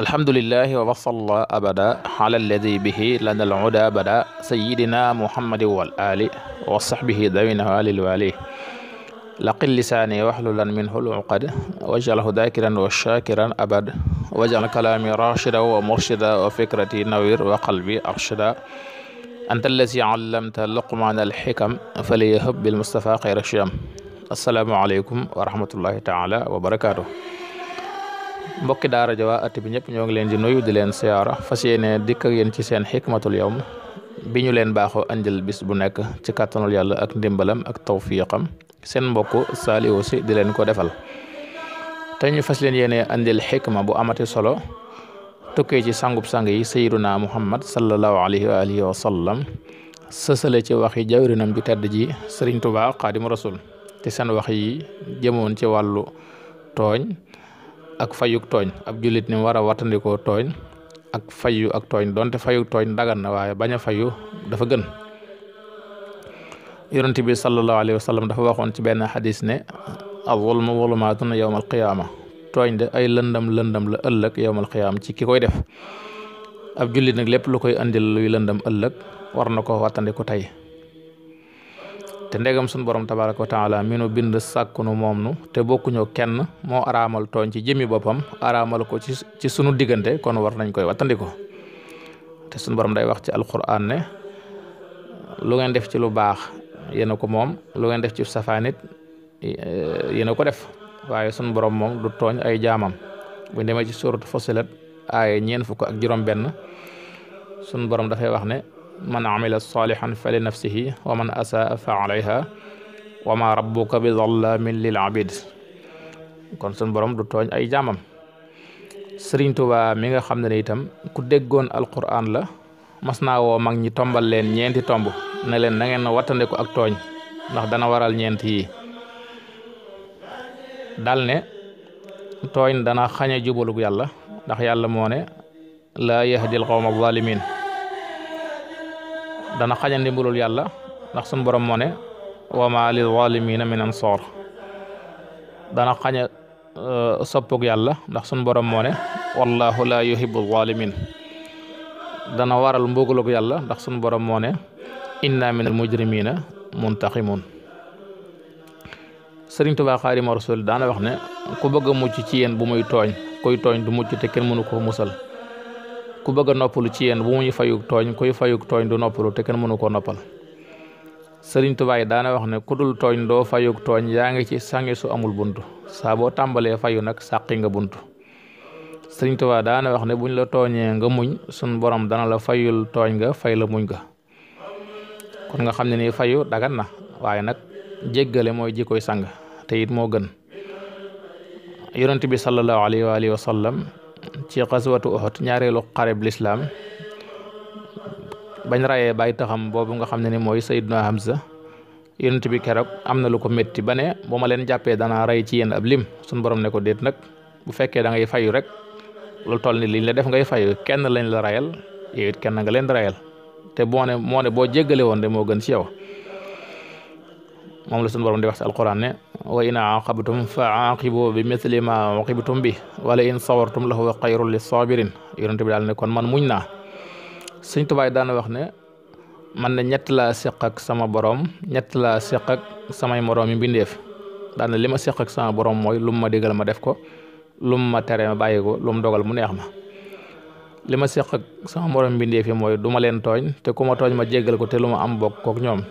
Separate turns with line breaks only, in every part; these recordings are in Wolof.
alhamdulilahi wa wasalla abada ala alladi bihi lana al uda bada sayidina muhammadi wal ali wa sahbihi dawina walil wali laqil lisaani waxlulan minhu luqad wajalhu dakiran wa shakiran abad wajal kalaami rachida wa murshida wa fikrati nawir wa qalbi arshida anta allazi allamta luqman alxikam faliyahab bilmustafa xayra shiyam assalaamu aleykum wa rahmatullahi taala wa barakatuh mbokki daara ja waa at bi ñëpp ñoo ngi leen di nuyu di leen siyaara fas yéene dikk ak yéen ci seen xikmatul yawm bi ñu leen baaxoo andil bis bu nekk ci kàttanul yàlla ak ndimbalam ak tawfiqam seen mbokku Saliou di leen ko defal teñu fas leen yéene andil xikma bu amati solo tukkee ci sangub sang yi sayyiduna muhammad sallallahu alayhi wa alihi wa sallam sësale ci waxi jawrinam ju tedd ji Sëriñ Tuubaa Xaadimu Rasuul te seen wax yi jëmoon ci wàllu tooñ ak fayuk tooñ ak jullit ni mu war a wattandikoo tooñ ak fayu ak tooñ donte fayuk tooñ dagan na waaye bañ a fayu dafa gën yonent bi sallallahu alayhi wa dafa waxoon ci benn xadis ne az-zulmu zulumaatun yawmal qiyaama tooñ de ay lëndam lëndam la ëllëg yawmal qiyaama ci ki koy def ab jullit nag lépp lu koy andil luy lëndam ëllëg war na ko wattandiku tey te ndegam sunu borom tabaraka wa taala mi nu bind sàkkunu moom nu te bokkuñu kenn moo araamal tooñ ci jëmi boppam araamal ko ci ci sunu diggante kon war nañ koy wattandiko te sunu borom day wax ci alquran ne lu ngeen def ci lu baax yéen ko moom lu ngeen def ci safaan it eh, ko def waaye sunu borom moom du tooñ ay jaamam bu demee ci suuratu Fussilat aaye ñeent fukk ak juróom-benn sunu borom dafay wax ne. man amila salihan fa li nafsihi wa man asaa fa alayha wa ma rabbuka bi zallamin lil abid kon sun borom du tooñ ay jaamam Sëriñ Tuubaa mi nga xam ne itam ku déggoon alquran la mas naa woo mag ñi tombal leen ñeenti tomb ne leen na ngeen wattandiku ak tooñ ndax dana waral ñeenti yi dal ne tooñ dana xañe jubalug yàlla ndax yàlla moo ne laa yahdil qawma zalimin dana xañal ndimbalul yàlla ndax suñu borom moo ne wama lil zalimina min ansor dana xaña uh, soppug yàlla ndax suñu borom moo ne wallahu la yuhibbu zalimin dana waral mbugalug yàlla ndax suñu borom moo ne inna minal mujrimina muntaqimun sëriñ tubaa xaadimu rasul daana wax ne ku bëgg mucc ci yéen bu muy tooñ kuy tooñ du mucc te kenn mënu ko musal ku bëgg a noppalu ci yéen bu muy fayug tooñ kuy fayug tooñ du noppalu te kenn mënu koo noppal sëriñ tubaay daana wax ne ku dul tooñ doo fayug tooñ yaa ngi ci sangi su amul bunt saa boo tàmbalee fayu nag sàqi nga bunt sëriñ tubaay daana wax ne buñ la tooñee nga muñ suñ borom dana la fayul tooñ nga fay la muñ ga kon nga xam ne nii fayu dagan na waaye nag jéggale mooy jikkoy sang te it moo gën yonent bi sallallahu alayhi wa alihi ci xaswatu Uhud ñaareelu kareeb lislaam bañ rayee bay taxam boobu nga xam ne ni mooy Sayyiduna Hamza yonent bi keroog am na lu ko metti ba ne bu ma leen jàppee danaa rey ci yenn ab lim suñu borom ne ko déet nag bu fekkee da ngay fayu rek lu toll ni liñ la def ngay fayu kenn lañ la rayal yow kenn nga leen rayal te boo ne moo ne boo jéggale woon de moo gën ci yow moom la sunu borom di wax ci alquran ne wa in aqabtum fa aqibu bi mithli ma uqibtum bi wala in sawartum la huwa xayrun lissabirin yonente bi daal ne kon man muñ naa sëñ tubaay daana wax ne man ne ñett laa seq ak sama boroom ñett laa seq ak samay moroom yi mbindeef daana li ma seq ak sama borom mooy lum ma digal ma def ko lum ma tere ma bàyyi ko lum dogal mu neex ma li ma seq ak sama morom mbindeef mooy duma leen tooñ te ku ma tooñ ma jéggal ko te lu ma am bokk kook ñoom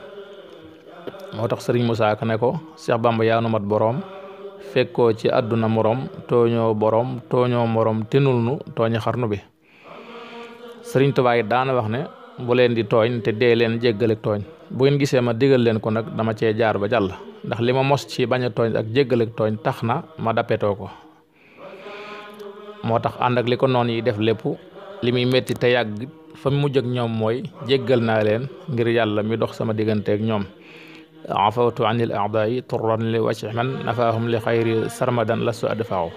moo tax sëriñ Moussa ko ne ko Cheikh Bamba yaanu mat boroom fekkoo ci àdduna moroom tooñoo boroom tooñoo moroom tinul nu tooñi xarnu bi sëriñ Tuubaa daana wax ne bu leen di tooñ te dee leen jéggale tooñ bu ngeen gisee ma digal leen ko nag dama cee jaar ba jàll ndax li ma mos ci bañ a tooñ ak jéggale tooñ tax na ma dappetoo ko moo tax ànd ak li ko noon yi def lépp li muy metti te yàgg fa mu mujj ñoom mooy jéggal naa leen ngir yàlla mi dox sama diggante ak ñoom afawtu an il aadaayi turran li wàcc man nafaahum li xayri sarmadan lastu adfaaw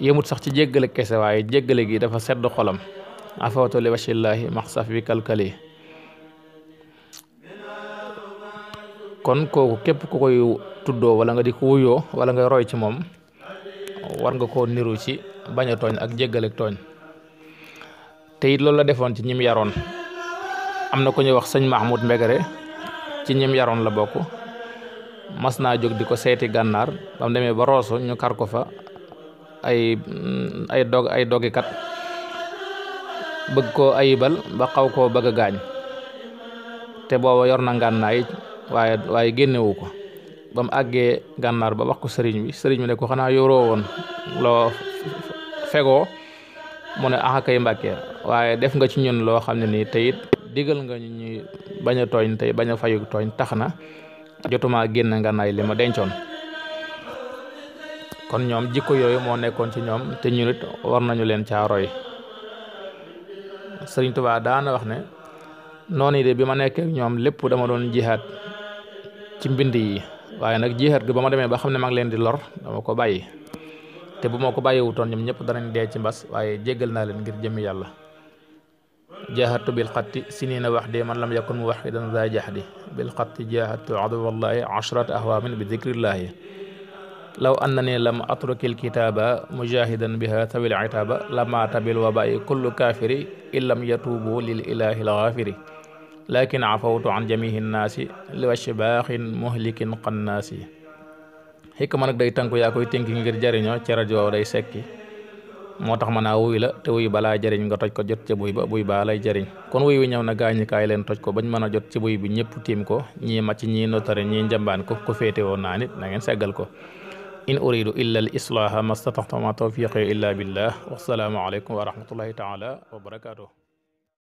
yëmut sax ci jéggale kese waaye jéggale gi dafa sedd xolam afawtu li wàccillaahi maxsaf bi kalkali kon kooku képp ku koy tuddoo wala nga di ko wuyoo wala nga roy ci moom war nga koo niru ci bañ tooñ ak jéggale tooñ te it loolu la defoon ci ñim yaroon am na ko ñuy wax sëñ Mahmoud Mbegere ci ñim yaroon la bokk mas naa jóg di ko seeti gànnaar ba mu demee ba roosu ñu kar ko fa ay mm, ay dog ay dogikat bëgg ko ayibal ba xaw ko bëgg gaañ te booba yor na ngànnaay waaye waaye génnewu ko ba mu àggee gànnaar ba wax ko sëriñ bi sëriñ bi ne ko xanaa yoroo woon loo fegoo mu ne ax akay mbàkkee waaye def nga ci ñun loo xam ne nii te digal nga ñuy bañ a tooñ tey bañ fayu tooñ tax na jotuma génn nga naay li ma dencoon kon ñoom jikko yooyu moo nekkoon ci ñoom te ñu war nañu leen caa roy Sëriñ Tuubaa daana wax ne noon yi de bi ma nekkee ñoom lépp dama doon jihaat ci mbind yi waaye nag jihaat gi ba ma demee ba xam ne mag leen di lor dama ko bàyyi te bu ma ko bàyyiwutoon ñoom ñëpp danañ dee ci mbas waaye jéggal naa leen ngir jëmmi yàlla jaaxatu bil xatti sinina wax de man lam yakun mu wax idan za jaxdi bil xatti jaaxatu aduwallahi ashrata ahwaamin bi dikrillahi law annani lam atrukil kitaaba mujahidan biha tawil itaaba lamaata bil wabayi kullu kaafiri illam yatuubu lil ilahi lxaafiri lakin afawtu an jamihi nnaasi li washbaaxin muhlikin qannaasi xikma nag day tànku yaa koy tënki ngir jariñoo ca rajo day sekki moo tax ma naa la te wuy balaa jariñ nga toj ko jot ca buy ba buy baa lay jëriñ kon wuy wi ñëw na gaañi kaay leen toj ko bañ mën a jot ci buy bi ñëpp tiim ko ñii màcc ñii notari ñii njambaan ko ko féete woon naa nit na ngeen seggal ko in uridu illa al islaaha ma stataxtama tawfiqi illa billah wasalaamu aleykum wa rahmatullahi taala wa barakatuh